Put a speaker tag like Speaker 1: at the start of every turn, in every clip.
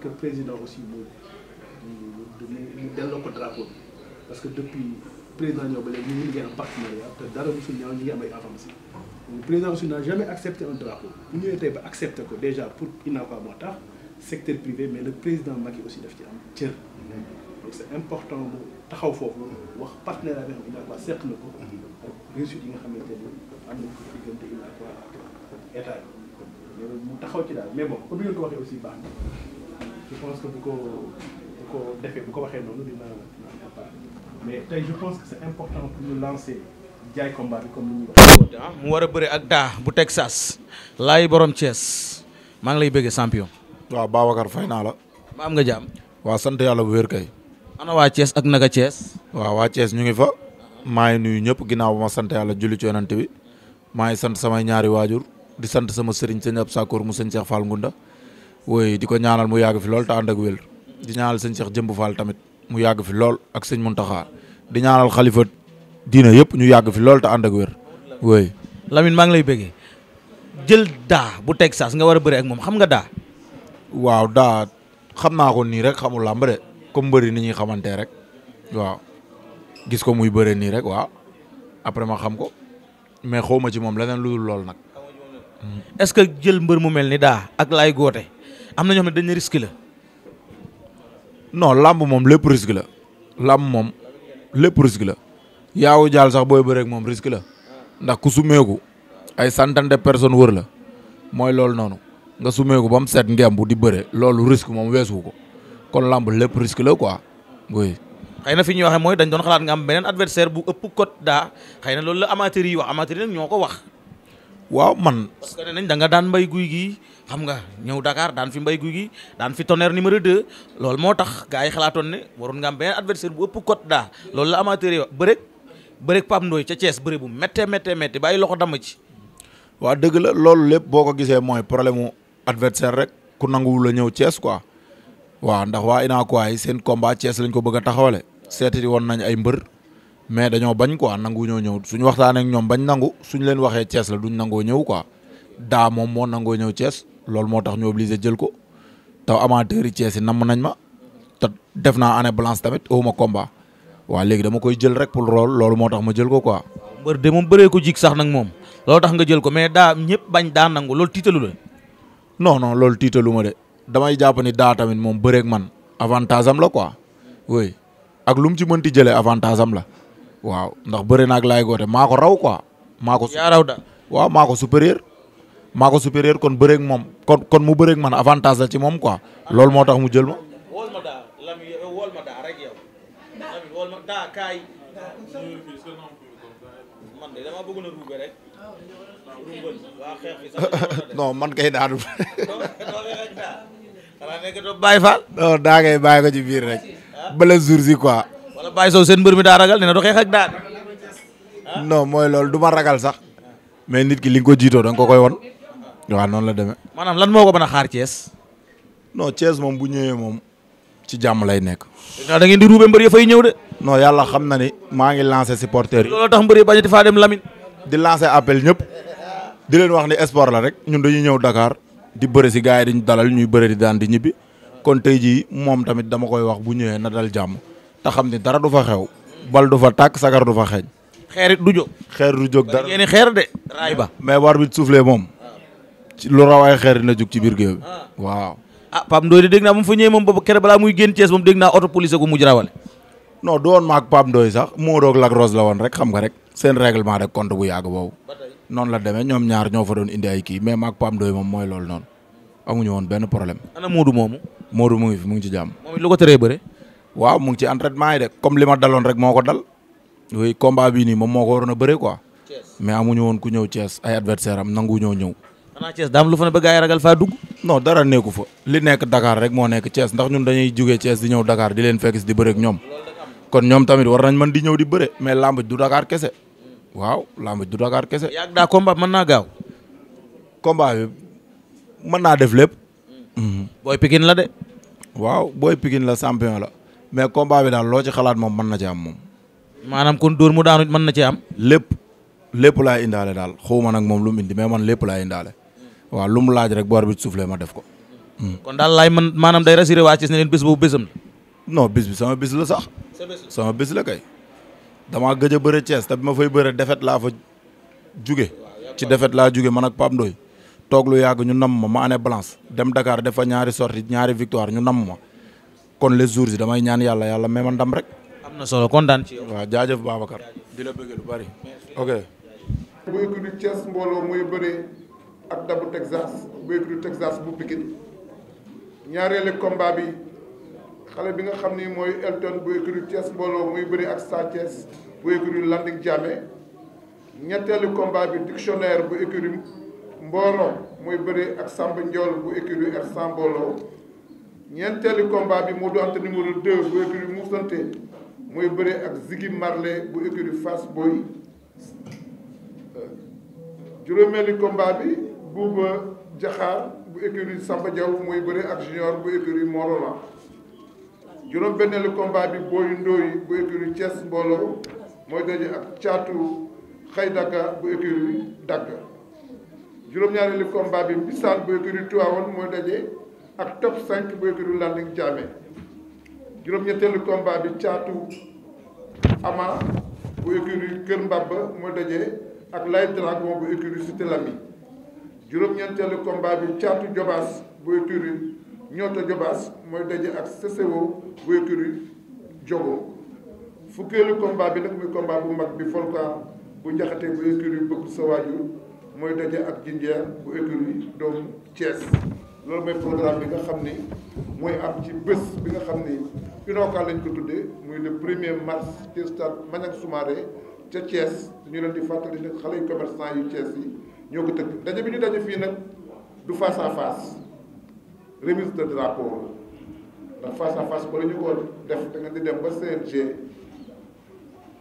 Speaker 1: que président aussi mu mu delloo ko drapeau bi parce que depuis président ñoo ba léegi ñu ngi liggéey en partenariat te dara mosul ñaaw ñu ngi am ay avancées le président mosul n'a jamais accepté un drapeau bu ñëwee tey ba accepté ko déjà pour INACOI moo tax secteur privé mais le président Macky aussi daf ci am cër. donc c' est important mu taxaw foofu wax partenariat bi nga ko ak réussite yi nga xamante ni am na ko diggante INACOI état bi mu taxaw ci daal mais bon comme ni nga ko waxee aussi baax na. ko ko waxee noonu dina mu war
Speaker 2: a bëre ak daa
Speaker 3: bu Texas laay borom cees maa ngi lay bëggee champion. waaw Babacar fay naa la. ma am nga jàmm. waa sant yàlla bu wér kay. ana waa Thiès ak naka Thiès. waaw waa Thiès ñu ngi fa. maa ngi nuyu ñëpp ginnaaw ba ma sant yàlla julli ci yonante bi maa ngi sant samay ñaari waajur di sant sama sëriñ sa ab Sakoor mu sëñ Cheikh Fall Ngunda. woy di ko ñaanal mu yàgg fi lool te ànd ak wér di ñaanal sëñ Cheikh Jëmb Fall tamit mu yàgg fi lool ak sëñ Muntaxa di ñaanal xalifa diina yëpp ñu yàgg fi lool te ànd ak wér woy Lamine maa ngi lay bëggee jël daa bu Texas nga war a bëri ak moom xam nga daa waaw daa xam naa ko nii rek xamul làmb de comme mbëri ni ñuy xamante rek waaw ko muy bëre nii rek waaw après ma xam ko mais xawma ci moom leneen lu lool nag est-ce que jël mbër mu mel ni daa ak laay goote am na ñoo xam ne dañu risque la. non làmb moom lépp risque la. làmb moom lépp risque la. yaawu jaal sax booy bëreek moom risque la. ndax ku sumeeku ay centaine de personnes wër la. mooy loolu noonu nga sumeeku ba mu set ngemb di bëre loolu risque moom weesu ko kon làmb lépp risque la quoi oui. xëy na fi ñuy waxee mooy dañ doon xalaat nga am beneen adversaire bu ëpp cote daa xëy na loolu la amateur yi wax amateur nag ñoo ko wax. waaw man. parce que nee daan mbay xam nga ñëw Dakar daan fi mbay guy gi daan fi tonnerre numéro 2 loolu moo tax gars yi xalaatoon ne waroon nga am beneen adversaire bu ëpp cote daa loolu la amateur yi bërek bërek Pape Ndoye ca Thiès bëri bu méttee méttee méttee bàyyi loxo dama ci. waa dëgg la loolu lépp boo ko gisee mooy problème mu adversaire rek ku nanguwul la ñëw Thiès quoi waaw ndax waa inaakuwaay seen combat Thiès lañ ko bëgg a taxawale seetati woon nañ ay mbër mais dañoo bañ quoi nangu ñoo ñëw suñu waxtaan ak ñoom bañ nangu suñ leen waxee cees la duñ nangoo ñëw quoi daa moom moo nangoo ñëw cees loolu moo tax ñu obligé jël ko taw amateur yi Thiès yi namm nañ ma te def naa année blanche tamit awuma combat waaw léegi dama koy jël rek pour lool loolu moo tax ma jël ko quoi. mbër de moom bëree ko jig sax nag moom loolu tax nga jël ko mais daa ñëpp bañ daa nangu loolu tiitalu no non non loolu tiitalu ma de damay jàpp ni daa tamit moom bëreeg man avantage am la quoi oui ak lu mu ci mënti jëlee avantage am la waaw ndax bëri naag laay goote maa ko raw quoi. maako ko raw da maako ko supérieur kon bëreeg moom kon kon mu bëreeg man avantage la ci moom quoi loolu moo tax mu jël ma. non man kay daanu. bàyyi faal. non daa ngay bàyyi ko ci biir rek. Ah. bala jour si quoi. wala bàyyi sow seen mbër mi daa ragal nee na du xeex ak daan. non mooy loolu du ma ragal sax. mais nit ki li nga ko jiitoo da ko koy won waaw noonu la demee. maanaam lan moo ko mën a xaar Thiès. non Thiès moom bu ñëwee moom ci jàmm lay nekk. Ah, da ngeen di ruube mbër ya fay ñëw de. no yàlla xam na ni maa ngi lancé supporters yi. looloo tax mbër bañ a dem Lamine. di lancé appel ñëpp. di leen wax ni sport la rek ñun dañuy ñëw dakaar di bëri si gars yi dañu dalal ñuy bëri di daan di ñibbi kon tey jii moom tamit dama koy wax bu ñëwee na dal jàmm te xam ni dara du fa xew. baldu fa tàkk sagar du fa xeeñ. xeer du jóg. xeer du jóg dara xeer de mais war bi suuflee moom lu raw ay xeer dina jug ci biir géew bi ah. waaw. a ah, Pape Ndoye de dégg naa moom fa ñëwee moom boobu keroog balaa muy génn Thiès moom dégg naa police ko mujj rawale. non du woon maag Pape Ndoye sax moo doog Lac Rose la woon rek xam nga rek seen règlement de compte bu yàgg boobu. noonu la demee ñoom ñaar ñoo fa doon indi ay kii mais maag moom mooy loolu noonu woon benn problème. ana Modou moomu. Modou mu ngi fi ko teree mu ngi ci entraînement yi de comme li ma daloon rek moo ko dal. oui combat bii moom moo ko waroon a bëre quoi. mais amuñu woon ku ñëw Thiès ay adversaire am nangu ñoo ñëw xanaa Thiès daam lu fa ne ba gaa yi ragal faa dugg non dara nekku fa li nekk dakaar rek moo nekk Thiès ndax ñun dañuy juge Thiès di ñëw Dakar di leen fekk si di bëre ñoom kon ñoom tamit war nañ mën di ñëw di bëre mais lamb du Dakar kese waaw lamb du Dakar kese yàgg daa combat mën naa gaaw combat bi mën naa def lépp mhm. booy Pikine la de waaw booy Pikine la sampion la mais combat bi daal loo ci xalaat moom mën na ci am moom maanaam kon dóor mu daanu mën na ci am lépp lépp laa indaale daal xawma nag moom lu mu indi mais man lépp laa indaale waaw lu mu laaj rek bu arbitre soufflé ma def ko. Hmm. kon daal laay man maanaam day rassuré waa Thiès ne leen bis boobu bésam la. bis bi sama bis la sax. sama bis la kay. damaa gëj a bëre Thiès te bi ma fay bëre defet laa fa juge ci defet laa juge man ak Pape Ndoye toog lu yàgg ñu nam ma ma année blanche dem Dakar def fa ñaari sortie ñaari victoire ñu nam ma kon les jours yi damay ñaan yàlla yàlla may ma ndam rek. na solo kontaan ci yow. waaw jaajëf Babacar. di bëgg lu bari.
Speaker 4: ak dabu Texas wéydu Texas bu Pikine ñaareelu combat bi xale bi nga xam ni mooy Elton bu écurie Thiès mbooloo muy bëri ak Sa Thiès bu écurie Landing Diamé ñetteelu combat bi dictionnaire bu écurie mbooloo muy bëri ak Samba Ndiol bu écurie R100 mbooloo ñeenteelu combat bi Modou Anta numéro 2 bu écurie Moussante muy bëri ak Ziggy Marley bu écurie Fass Boy juróomeelu combat bi Bouba Diakhar bu écurie Samba Diaw mooy bëre ak junior bu écurie Morolan juróom benneelu combat bi Boy Ndoye bu écurie Thiès mbooloo mooy daje ak caatu Xaydaka bu écurie Dagga juróom-ñaareelu combat bi Bissane bu écurie Tivaouane mooy daje ak top 5 bu écurie Landing Diamé juróom-ñetteelu combat bi caatu Ama bu écurie Kër Mbabba mooy daje ak Lay Dragon bu écurie Cité Lamy juróom-ñeenteelu combat bi caatu jobaas buy turi ñoota jobaas mooy daje ak sesewo buy turi jogo fukkeelu combat bi nag muy combat bu mag bi volcan bu njaxate bu écurie yi bëgg sa waajur mooy daje ak jinjeer bu écurie yi doomu Thiès loolu mooy programme bi nga xam ni mooy am ci bés bi nga xam ni UNOCA lañ ko tuddee muy le premier mars ci stade Maniang Soumaré ca Thiès ñu leen di fàttali nag xale yu commerçant yu cees yi ñoo ko tëgg daje bi ñu daje fii nag du face à face remise de drapeau ndax face à face bala ñu ko def da nga di dem ba CNG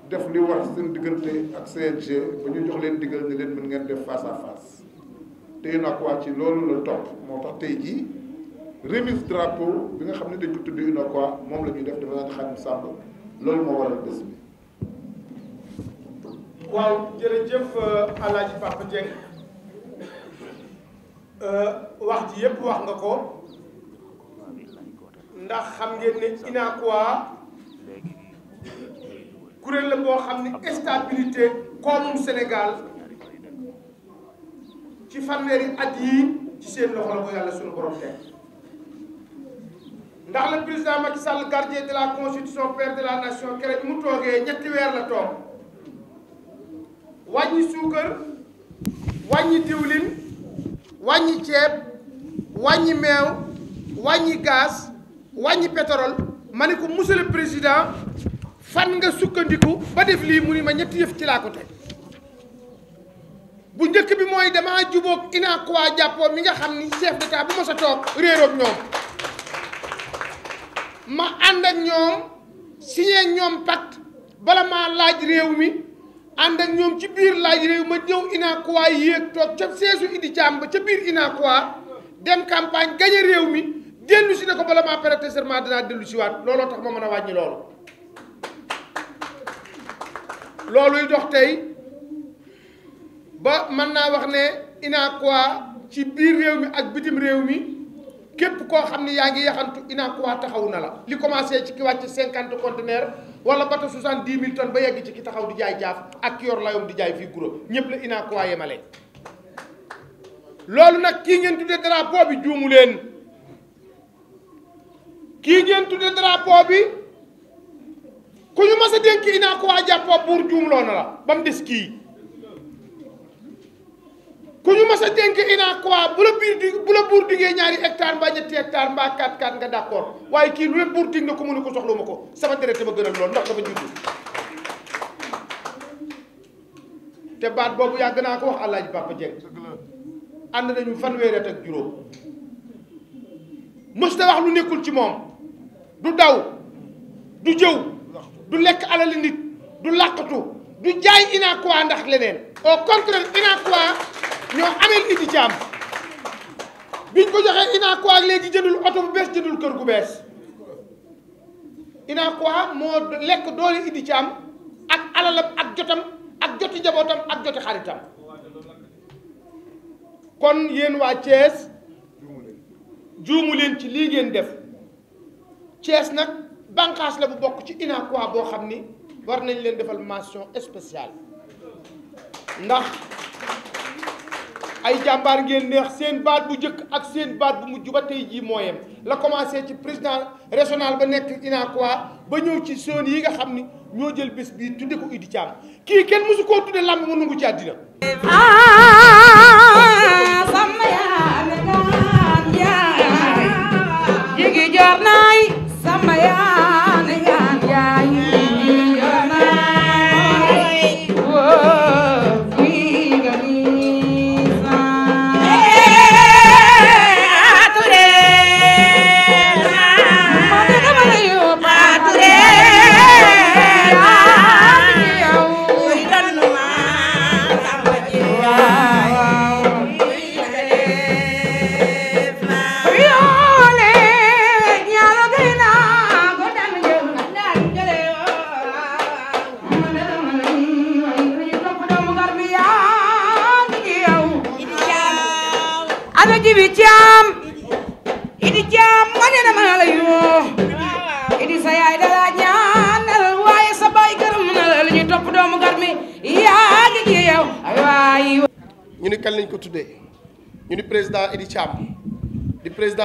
Speaker 4: def li war seen diggante ak CNG ba ñu jox leen diggal ni leen mën ngeen def face à face tey UNACOIS ci loolu la topp moo tax tey jii remise drapeau bi nga xam ne dañ ko tudd UNACOIS moom la ñuy def dafa naan Xaadim Samb loolu moo waral bés bi waaw
Speaker 1: jërëjëf euh, Alaaji Papa Dieng Euh,
Speaker 2: wax ji yépp wax nga ko ndax xam ngeen ne UNACOIS
Speaker 5: kuréel la boo xam ne stabilité koomum Sénégal ci fanweeri at yii ci seen loxo la ko yàlla suñu borom teg ndax le président Macky Sall gardien de la constitution père de la nation keroog mu toogee ñetti weer la toog wàññi suukar wàññi diwlin wàññi ceeb wàññi meew wàññi gaz wàññi pétrole ma ne ko monsieur le président fan nga sukkandiku ba def lii mu ni ma ñetti yëf ci laa ko teg bu njëkk bi mooy damaa jubóog waa Jàppoo mi nga xam ni chef d'état bu ma sa toog réeroog ñoom ma ànd ak ñoom signé ñoom pacte bala maa laaj réew mi ànd ak ñoom ci biir laaj réew ma ñëw inaakuwaa yéeg toog ca seesu Idi Thiam ba ca biir inaakuwaa dem campagne gañe réew mi dellu si ne ko bala maa prêter serment dinaa dellu si waat looloo tax ma mën a wàññi loolu looluy dox tey ba mën naa wax ne inaakuwaa ci biir réew mi ak bitim réew mi képp koo xam ni yaa ngi yaxantu inaakuwaa taxaw na la li commencé ci ki wàcc cinquante conteneur wala bato soixante dix mille tonnes ba yegg ci ki taxaw di jaay jaaf ak ki yor layoom di jaay fii guro ñëpp la inaakuwaa yemale loolu nag kii ngeen tudde drapeau bi juumu leen kii ngeen tudde drapeau bi ku ñu mas a dénk inaakuwaa jàppoo buur juumloo na la ba mu des kii ku ñu mas a dénk UNACOIS bu la biir di bu la buur diggee ñaari hectare mbaa ñetti hectare mbaa 4 4 nga d'accord waaye kii lu la buur dig na ko mu ne ko soxla ma ko sama deret ma gënal lool ndax dafa jiitu te baat boobu yàgg naa ko wax Alaaji Papa Dieng ànd nañu fanweeri at ak juróom mës na wax lu nekkul ci moom du daw du jëw du lekk alali nit du làqatu du jaay UNACOIS ndax leneen au contraire UNACOIS ñoo ameel idi caam biñ ko joxee Unacois léegi jëndul oto bu bees jëndul kër gu bees Unacois moo lekk doole idi caam ak alalam ak jotam ak joti jabootam ak joti xaritam kon yéen waa Thiès juumu leen ci lii ngeen def Thiès nag bànqaas la bu bokk ci Unacois boo xam ni war nañ leen defal mention spéciale ndax ay jàmbaar ngeen neex seen baat bu njëkk ak seen baat bu mujj ba tey jii mooyam la commencé ci président régional ba nekk UNACOIS ba ñëw ci zone yi nga xam ni ñoo jël bés bii tudde ko Idi Thiam kii kenn mësu koo tudde làmb mu nungu ci àddina ah,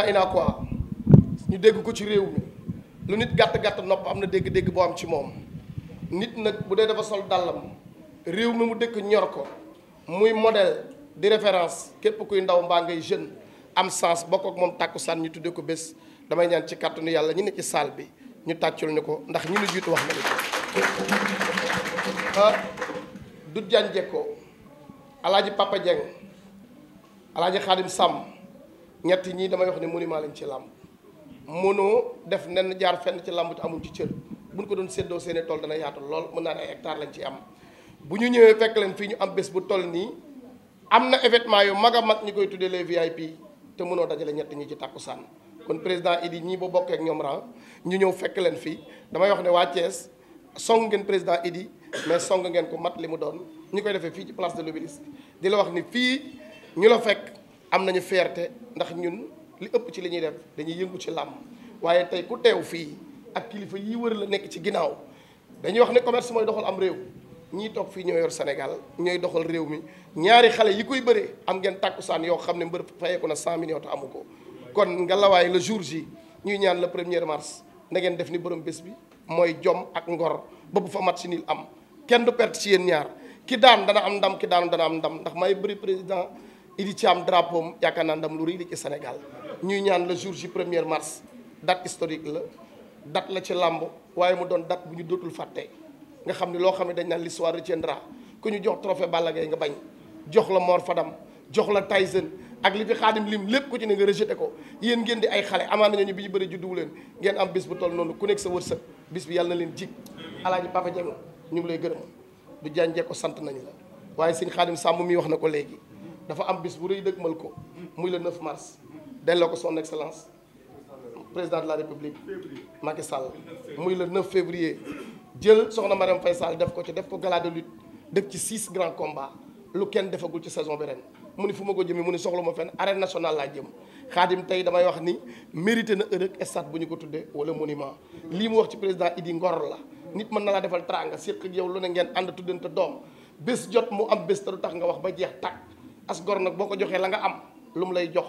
Speaker 5: président ina quoi ñu dégg ko ci réew mi lu nit gàtt gàtt nopp am na dégg-dégg boo am ci moom nit nag bu dee dafa sol dàllam réew mi mu dëkk ñor ko muy modèle di référence képp kuy ndaw mbaa ngay jeune am sens bokk ak moom tàkkusaan ñu tuddee ko bés damay ñaan ci kàttanu yàlla ñu ne ci salle bi ñu tàccul ni ko ndax ñu nu jiitu wax na ni ko du jànje ko alaaji Papa alaaji Xaadim Sàmm ñetti ñii damay wax ne monument lañ ci làmb mënoo def nenn jaar fenn ci làmb te amuñ ci cër buñ ko doon séddoo seeni tool dana yaatu lool mën naa ne ay hectare lañ ci am bu ñu ñëwee fekk leen fii ñu am bés bu toll nii am na événement yu mag a mag ñu koy tuddee les VIP te mënoo dajale ñetti ñi ci sànn kon président Idi ñii ba bokkee ak ñoom ran ñu ñëw fekk leen fii damay wax ne waa Thiès song ngeen président Idi mais song ngeen ko mat li mu doon ñu koy defee fii ci place de l'Obélisque di la wax ni fii ñu la fekk am nañu fierté ndax ñun li ëpp ci li ñuy def dañuy yëngu ci làmb waaye tey ku teew fii ak kilifa yi wër la nekk ci ginnaaw dañuy wax ne commerce mooy doxal am réew ñii toog fii ñoo yor Sénégal ñooy doxal réew mi ñaari xale yi koy bëre am ngeen tàkkusaan yoo xam ne mbër fayeeku na 100 millions te amu ko kon ngelawaay la jour ji ñuy ñaan le premier mars na def ni borom bés bi mooy jom ak ngor ba bu fa match nil am kenn du perte ci yéen ñaar ki daan dana am ndam ki daanu dana am ndam ndax may bëri président Idi Thiam drapeau am yaakaar naa ndam lu rëy li ci Sénégal ñuy ñaan le jour ji première mars date historique la date la ci làmb waaye mu doon date bu ñu dootul fàtte nga xam ne loo xam ne dañ naan l'histoire retiendra ku ñu jox trophée Balla Gaye bañ jox la Mor Fadam jox la Tyson ak li fi xaadim lim lépp ku ci ne ko yéen ngeen di ay xale amaana nañu bi ñu bëri judduwu leen ngeen am bis bu toll noonu ku nekk sa wërsëg bis bi yàlla na leen jig alaaji Papa Dieng ñu ngi lay gërëm du jànjee ko sant nañu la waaye sëñ xaadim sàmm mi wax na ko léegi dafa am bis bu rëy mal ko muy le 9 mars delloo ko son excellence président de la république Macky Sall muy le 9 février jël soxna ma Mariam Faye Sall def ko ci def ko gala de lutte def ci six grands combats lu kenn defagul ci saison bi ren mu ni fu ma ko jëmee mu ni soxla ma fenn arène national laa jëm xaadim tey damay wax ni mérité na ëllëg stade bu ñu ko tuddee wala monument lii mu wax ci président Idi ngoro la nit mën na laa defal teraanga séq yow lu ne ngeen ànd tuddante doom bés jot mu am bés tax nga wax ba jeex tàkk as gor nag boo ko joxee la nga am lu mu lay jox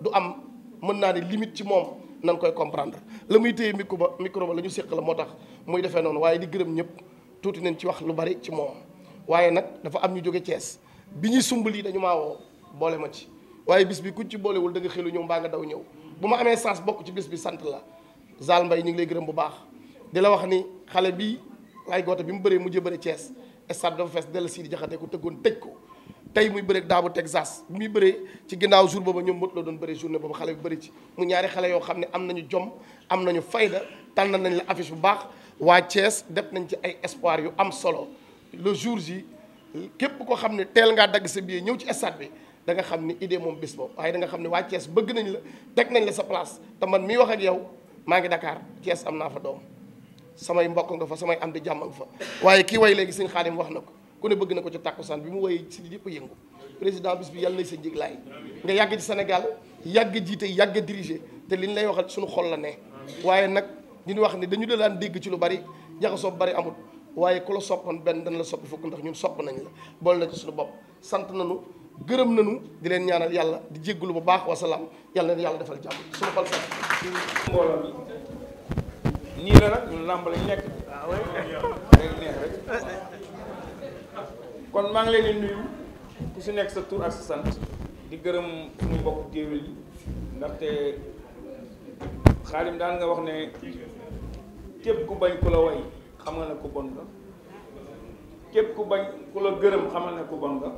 Speaker 5: du am mën naa ne limite ci moom nan koy comprendre la muy téye micro ba micro ba la ñu séq la moo tax muy defee noonu waaye di gërëm ñëpp tuuti nañ ci wax lu bari ci moom waaye nag dafa am ñu jóge cees bi ñuy sumb lii dañu maa boole ma ci waaye bis bi kuñ ci boolewul da nga xelu ñëw mbaa nga daw ñëw bu ma amee sens bokk ci bis bi sant la Zal Mbaye ñu ngi lay gërëm bu baax di la wax ni xale bi ngay goote bi mu bëree mujjee bëri Thiès stade dafa fees dell Sidi Jaxate ku tëggoon tëj ko tey muy bëre daabu Texas bi muy bëree ci ginnaaw jour booba ñoom mot la doon bëri journée boobu xale bi bëri ci mu ñaari xale yoo xam ne am nañu jom am nañu fayda tànn nañ la affiche bu baax waa Thiès def nañ ci ay espoir yu am solo le jour ji képp ko xam ne teel ngaa dagg sa billet ñëw ci stade bi da nga xam ni idée moom bis boobu waaye da nga xam ne waa Thiès bëgg nañ la teg nañ la sa place te man miy wax ak yow maa ngi dakaar Thiès am naa fa doom samay mbokk nga fa samay am jàmm nga fa waaye kii way léegi sëñ Xaadim wax na ko ku ne bëgg na ko ci tàkkusaan bi mu woyee si yëpp yëngu président bis bi yàlla nay sa njiglaay nga yàgg ci Sénégal yàgg jiite yàgg diriger te liñ lay waxal suñu xol la ne waaye nag ñu wax ne dañu daan dégg ci lu bari jaxasoo bari amut waaye ku la soppoon benn dana la sopp fukk ndax ñun sopp nañ la boole na ci suñu bopp sant nañu gërëm nañu di leen ñaanal yàlla di jéggulu bu baax wasalaam
Speaker 1: yàlla na yàlla defal jàmm suñu xol sax mbooloo bi kon maa ngi leen di nuyu ku si nekk sa tur ak sa sant di gërëm suñu mbokk géwél yi ndaxte xaalim daan nga wax ne képp ku bañ ku la way xamal ne ku bon nga képp ku bañ ku la gërëm xamal ne ku bon nga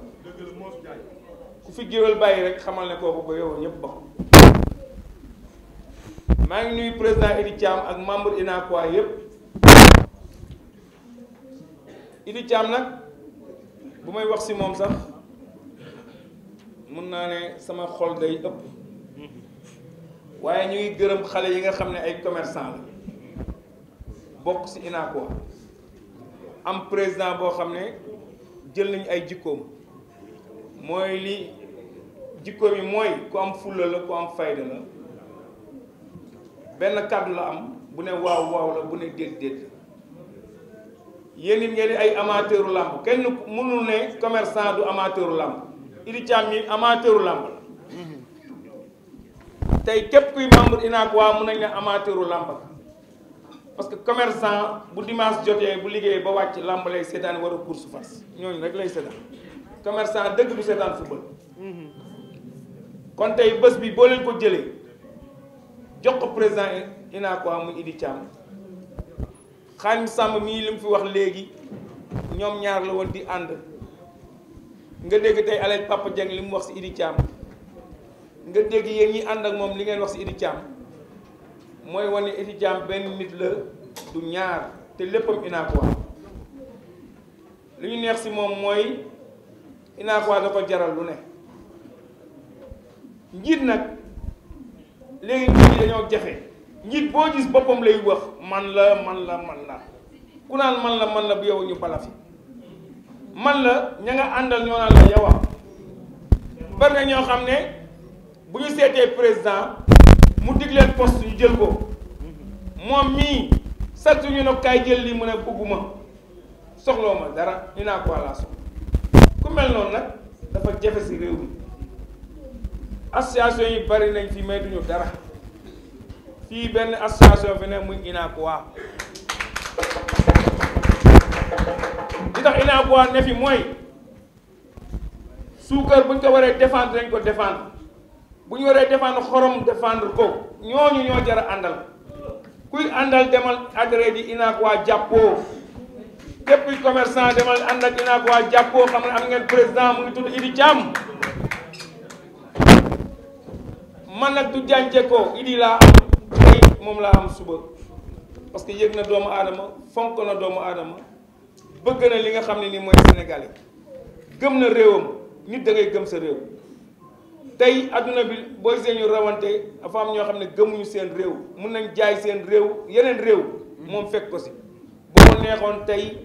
Speaker 1: ku fi géwél bàyyi rek xamal ne koo ko yow ñëpp ba maa ngi nuyu président Idi Thiam ak membre UNACOIS yëpp Idi Thiam nag. bu may wax si moom sax mun naa ne sama xol day ëpp waaye ñu ngi gërëm xale yi nga xam ne ay commerçant la bokk si INACO am président boo xam ne jël nañu ay jikkoom mooy li jikkoom yi mooy ku am fulla la ku am fayda la benn kàddu la am bu ne waaw waaw la bu ne déet déet yéen it ngeen ay amateuru làmb kenn mënul ne commerçant du amateuru làmb Idi Thiam mi amateuru làmb la tey képp kuy membre INAK waa mun nañ ne amateuru làmb la parce que commerçant bu dimanche jotee bu liggéeyee ba wàcc làmb lay seetaan war a course fas ñooñu rek lay seetaan commerçant dëgg du seetaan football kon tey bés bi boo leen ko jële jox ko président INAK waa muy Idi Thiam Xaadim sàmm mii li mu fi wax léegi ñoom ñaar la woon di ànd nga dégg tey Alaaji Papa Dieng li mu wax si Idi Thiam nga dégg yéen ñi ànd ak moom li ngeen wax si Idi Thiam mooy wane Idi Thiam benn nit la du ñaar te léppam inaakuwa li ñu neex si moom mooy inaakuwa da ko jaral lu ne njiit nag léegi njiit dañoo jafe njiit boo gis boppam lay wax man la man la man la ku naan man la man la bu yow ñu bala man la ña nga àndal ñoo naan la yow ah. bari na ñoo xam ne bu ñu seetee président mu dig leen poste ñu jël ko moom mii sax ñu ne kaay jël lii mu ne bëgguma soxloo ma dara ni naa ko wàlla soxla ku mel noonu nag dafa jafe si réew mi association yi bari nañ fi may duñu dara fii benn association fi ne muy Unacois li tax Unacois ne mooy suukar bu ñu ko waree défendre dañ ko défendre bu ñu waree défendre xorom défendre ko ñooñu ñoo jar a àndal kuy àndal demal adhéré di jàppoo képp kuy commerçant demal ànd ak jàppoo xam ne am ngeen président mu ngi tudd Idi Thiam man nag du jànje ko laa moom laa am suba parce que yëg na doomu aadama fonk na doomu aadama bëgg na li nga xam ne ni mooy Sénégal yi gëm na réewam nit da ngay gëm sa réew tey àdduna bi booy seen rawante dafa am ñoo xam ne gëmuñu seen réew mun nañ jaay seen réew yeneen réew moom fekk ko si boo neexoon tey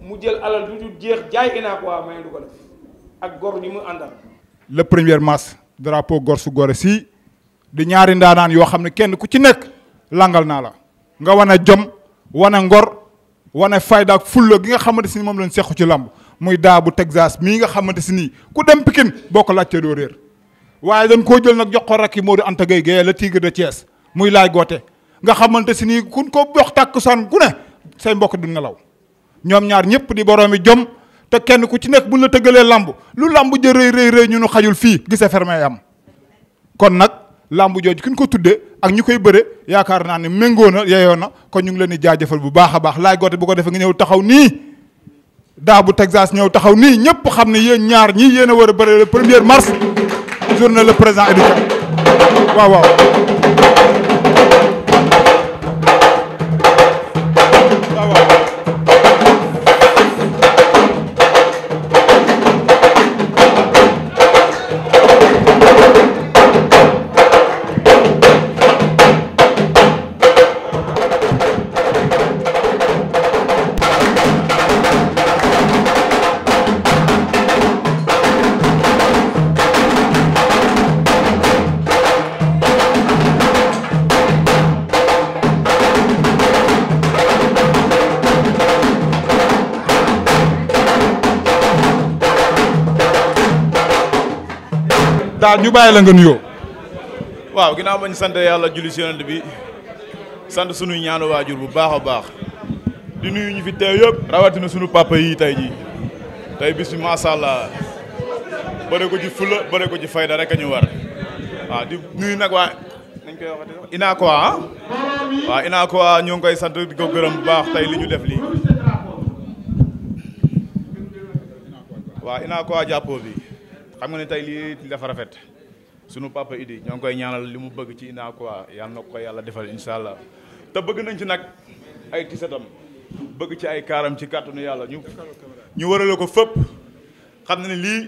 Speaker 1: mu jël alal du dul jeex jaay inaa ko waa may du ko def ak gor ñi mu àndal
Speaker 2: le première mars drapeau Gor su Gorée si di ñaari ndaanaan yoo xam ne kenn ku ci nekk langal naa la nga wane jom wane ngor wane fayda ak gi nga xamante si ni moom lañ sequ ci làmb muy daa bu Texas mii nga xamante si nii ku dem Pikine bokk ko laajte doo réer waaye dañ koo jël nag jox ko rakk moo di Anta Gueye Gueye la Tigre de Thiès muy laay goote nga xamante si nii kun ko box tàkkusaan gu ne say mbokk du nelaw ñoom ñaar ñëpp di boroomi jom te kenn ku ci nekk buñ la tëggalee làmb lu làmb jë rëy rëy ñu nu xajul fii gise fermé am làmb jooju ki ñu ko tuddee ak ñu koy bëre yaakaar naa ne méngoo na yeyoo na kon ñu ngi leen di jaajëfal bu baax a baax laay goote bu ko defee nga ñëw taxaw nii daa bu Texas ñëw taxaw nii ñëpp xam ne yéen ñaar ñii yéen a war a bëre le premier mars journée le président édition
Speaker 4: waaw waaw
Speaker 2: daal ñu bàyyi la nga nuyoo. waaw ginnaaw ma ñu sant yàlla julli si yonent bi sant sunuy ñaanu waajur bu baax a baax di nuyu ñu fi teew yëpp rawatina sunu papa yi tey jii tey bis bi macha ko ci fula bëre ko ci fayda rek a ñu war waaw di nuyu nag waa nañ koy waxati Inakoa ah. waaw Inakoa ñoo ngi koy sant di ko gërëm bu baax tey li ñu def lii. waaw Inakoa jàppoo bi. xam nga ne tey lii dafa rafet sunu papa Idi ñoo ngi koy ñaanal li mu bëgg ci Ina quoi yàlla na ko yàlla defal incha allah te bëgg nañ ci nag ay tisatam bëgg ci ay kaaram ci kàttanu yàlla ñu. ñu warale ko fëpp xam na ni lii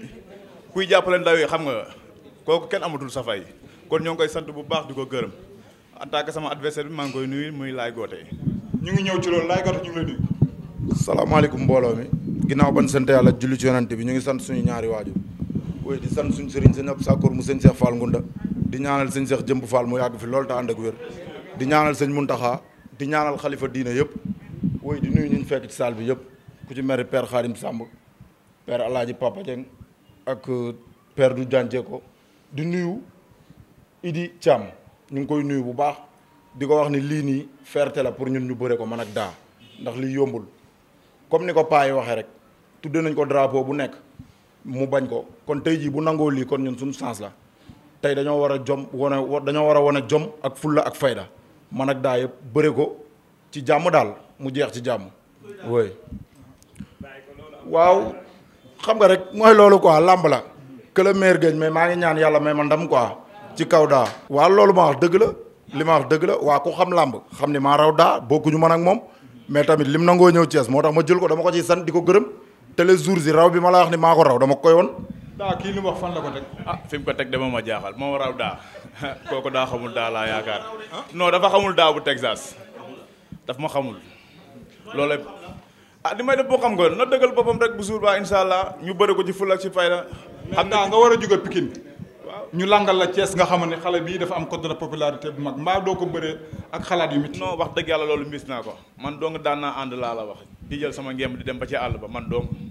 Speaker 2: kuy jàppale ndaw yi xam nga kooku kenn amatul sa safay kon ñoo ngi koy sant bu baax di ko gërëm en tant que sama adversaire bi maa ngi koy nuy muy Laye Gothé. ñu ngi ñëw ci loolu Laye Gothé ñu ngi lay nuyu.
Speaker 3: salaamaaleykum mbooloo mi ginnaaw ban sant yàlla julli ci yonante bi ñu ngi sant suñu ñaari waajur waaye di sant suñu sëriñ sëñ ab sàkkoor mu sëñ Cheikh Fall Ngunda di ñaanal sëñ Cheikh Jëmb Fall mu yàgg fi loolu te ànd ak wér di ñaanal sëñ Muntaxa di ñaanal xalifa diina yëpp waaye di nuyu ñu fekk ci salle bi yëpp ku ci mel père Xaadim Samb père Alaaji Papa Dieng ak per du jànce ko di nuyu Idi Thiam ñu ngi koy nuyu bu baax di ko wax ni lii nii fierté la pour ñun ñu bëre ko man ak daa ndax lii yombul comme ni ko paa yi rek tudde nañ ko drapeau bu nekk mu bañ ko kon tey jii bu nangoo lii kon ñun suñu chance la tey dañoo war a jom wane dañoo war a wane jom ak fulla ak fayda man ak daa yëpp bëre ko ci jàmm daal mu jeex ci jàmm waaw xam nga rek mooy loolu quoi làmb la que le maire gagne maa ngi ñaan yàlla may ma ndam quoi ci kaw daa waaw loolu ma wax dëgg la li ma wax dëgg la waa ku xam làmb xam ni maa raw daa bokkuñu man ak moom mais tamit lim nangoo ñëw Thiès moo tax ma jël ko dama ko ciy san di ko gërëm te les jours yi raw bi ma la wax ni maa ko raw dama koy woon.
Speaker 2: daa kii li mu wax fan la ko teg. ah fi ko teg dama ma jaaxal moom raw daa kooku daa xamul daa laa yaakaar non dafa xamul daa bu Texas daf ma xamul loolu ah li may boo xam nga na dëggal boppam rek bu suur baa incha allah ñu bëri ko ci ful ak ci fayda. xam nga war a jóge Pikine ñu langal la Thiès nga xam ne xale bii dafa am code de popularité bu mag doo ko bëree ak xalaat yu métti. non wax dëgg yàlla loolu mis naa ko man dong daan ànd laa la wax di jël sama ngéem di dem ba ci àll ba man dong.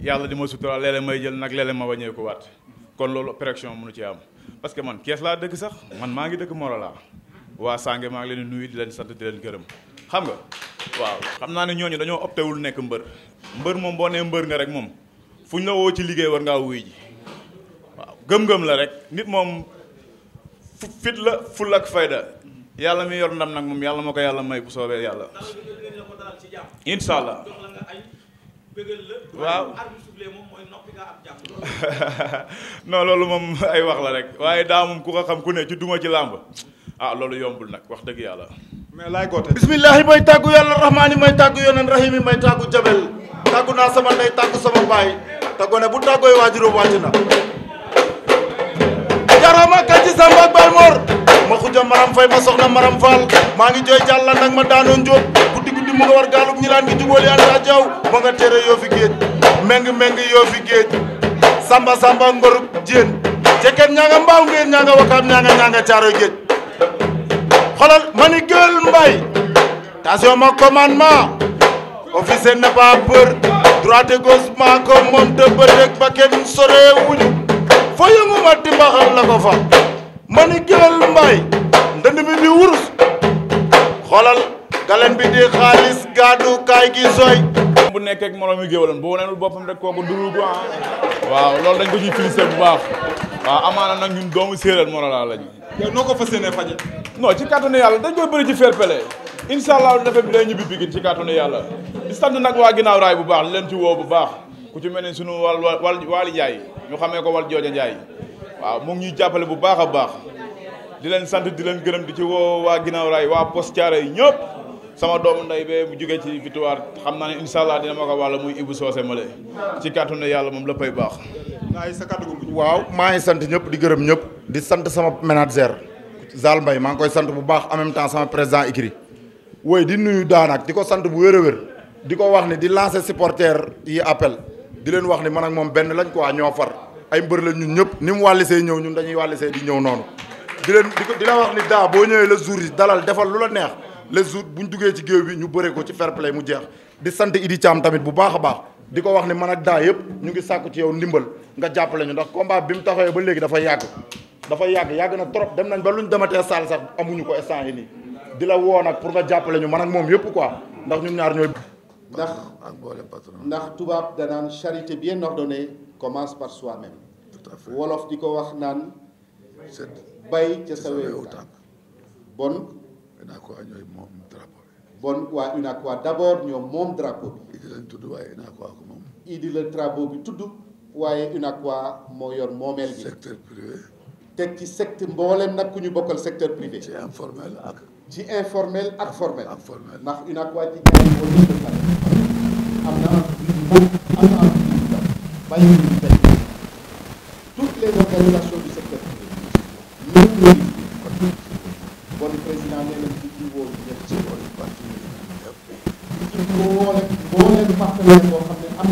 Speaker 2: yàlla di ma sutura léeg-léeg may jël nag léeg-léeg ma wàññeeku waat kon loolu pression mënu ci am parce que man kees laa dëkk sax man maa ngi dëkk laa waa Sange maa ngi leen di nuyu di leen sant di leen gërëm xam nga waaw xam naa ne ñooñu dañoo opté nekk mbër mbër moom boo nee mbër nga rek moom fu ñu la woo ci liggéey war ngaa wuy ji waaw gëm-gëm la rek nit moom fit la ful ak fayda yàlla mi yor ndam nag moom yàlla moo ko yàlla may bu soobee yàlla
Speaker 1: incha waaw
Speaker 2: non loolu moom ay wax la rek waaye daa moom ku ko xam ku ne ci duma ci làmb ah loolu yombul nag wax dëgg yàlla
Speaker 3: mais laay goote bismillaahi may tàggu yàlla rahmaani may tàggu yonen rahimi may tàggu jabel tàggu naa sama ndey tàggu sama baay tàggu ne bu tàggooy waajuróom wàcc na jarama kàcci samba ak balmoor ma xuja maram fay ma soxna maram fall maa ngi jooy jàlla nag ma daanoon jóob mu nga war gaalub ñi laan gi jubóoli anta jaw ma nga tere yoo fi géej meng meng yoo géej samba samba ngorub jéen ceket ñaa mbaaw ngeen ñaa nga wakaam ñaa nga ñaa nga caaro géej xolal ma ni gël mbay tension ma commandement officier n'a pas peur droite et gauche moom te bëtëg ba kenn soree wuñu fa yëngu ma timbaxal la ko fa ma ni gël
Speaker 2: mbay ndënd mi mi wurus xolal galen bi di xaalis gàddukaay gi soy bu nekkee ak moroom yu géwalam boo waneenul boppam rek kooku duru ko ah waaw loolu dañ ko ciy félicité bu baax waaw amaana nag ñun doomu séeréer morala lañu yow noo ko fas yéenee faje non ci kàttanu yàlla dañ koy bari ci fair-play incha allah bi lay ñibbi Pikine ci kàttanu yàlla di sant nag waa ginnaaw raay bu baax di leen ci woo bu baax ku ci mel ne suñu wal wal waali Njaay ñu xamee ko wal jooja Njaay waaw mu ñuy jàppale bu baax a baax di leen sant di leen gërëm di ci woo waa ginnaaw raay waa post Thiaroye yi ñëpp sama doomu nday bee bu jógee ci victoire xam naa ne incha allah dina ma ko wàll muy Ibou Socé Malé ci kàttu ne yàlla moom léppay baax.
Speaker 3: waaw maa ngi sant ñëpp di gërëm ñëpp di sant sama manager Zal Mbaye maa ngi koy sant bu baax en temps sama président écrit woy di nuyu daanak di ko sant bu wér wér di ko wax ne di lancer supporter yi appel di leen wax ni man ak moom benn lañ waa ñoo far ay mbër la ñun ñëpp ni mu wàllisee ñëw ñun dañuy wàllisee di ñëw noonu di boo ñëwee la jour yi defal lu la neex les jours bu ñu duggee ci géew bi ñu bëree ko ci fair play mu jeex di sant Idi Thiam tamit bu baax a baax di ko wax ne man ak daa yëpp ñu ngi sàkku ci yow ndimbal nga jàppale ñu ndax combat bi mu taxawee ba léegi dafa yàgg dafa yàgg yàgg na trop dem nañ ba lu ñu dematee saal sax amuñu ko instant yi nii di la woo nag pour nga jàppale ñu man ak moom yëpp quoi ndax ñu ñaar ñooy. ndax ndax
Speaker 5: tubaab danaan charité bien ordonnée commence par soi-même. wolof di ko wax naan. bay ca sa weewu tànk bon. UNACOIS ñooy moom drapeau bi. bon waa UNACOIS d'abord ñoom moom drapeau bi. Idi lañ tudd waaye UNACOIS ko moom. Idi la bi tudd waaye UNACOIS moo yor moomeel bi. secteur privé. teg ci secteur mboolem nag ku ñu bokkal secteur privé. ci informel ak. ci informel ak formel. ak formel ndax UNACOIS ci ñaari mbooloo de pare. am na am na am na bàyyi toutes les organisations du secteur
Speaker 4: privé.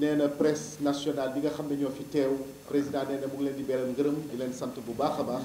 Speaker 5: nee na presse nationale bi nga xam ne
Speaker 1: ñoo fi teew président nee na mu ngi leen di beral ngërëm di leen sant bu baax a baax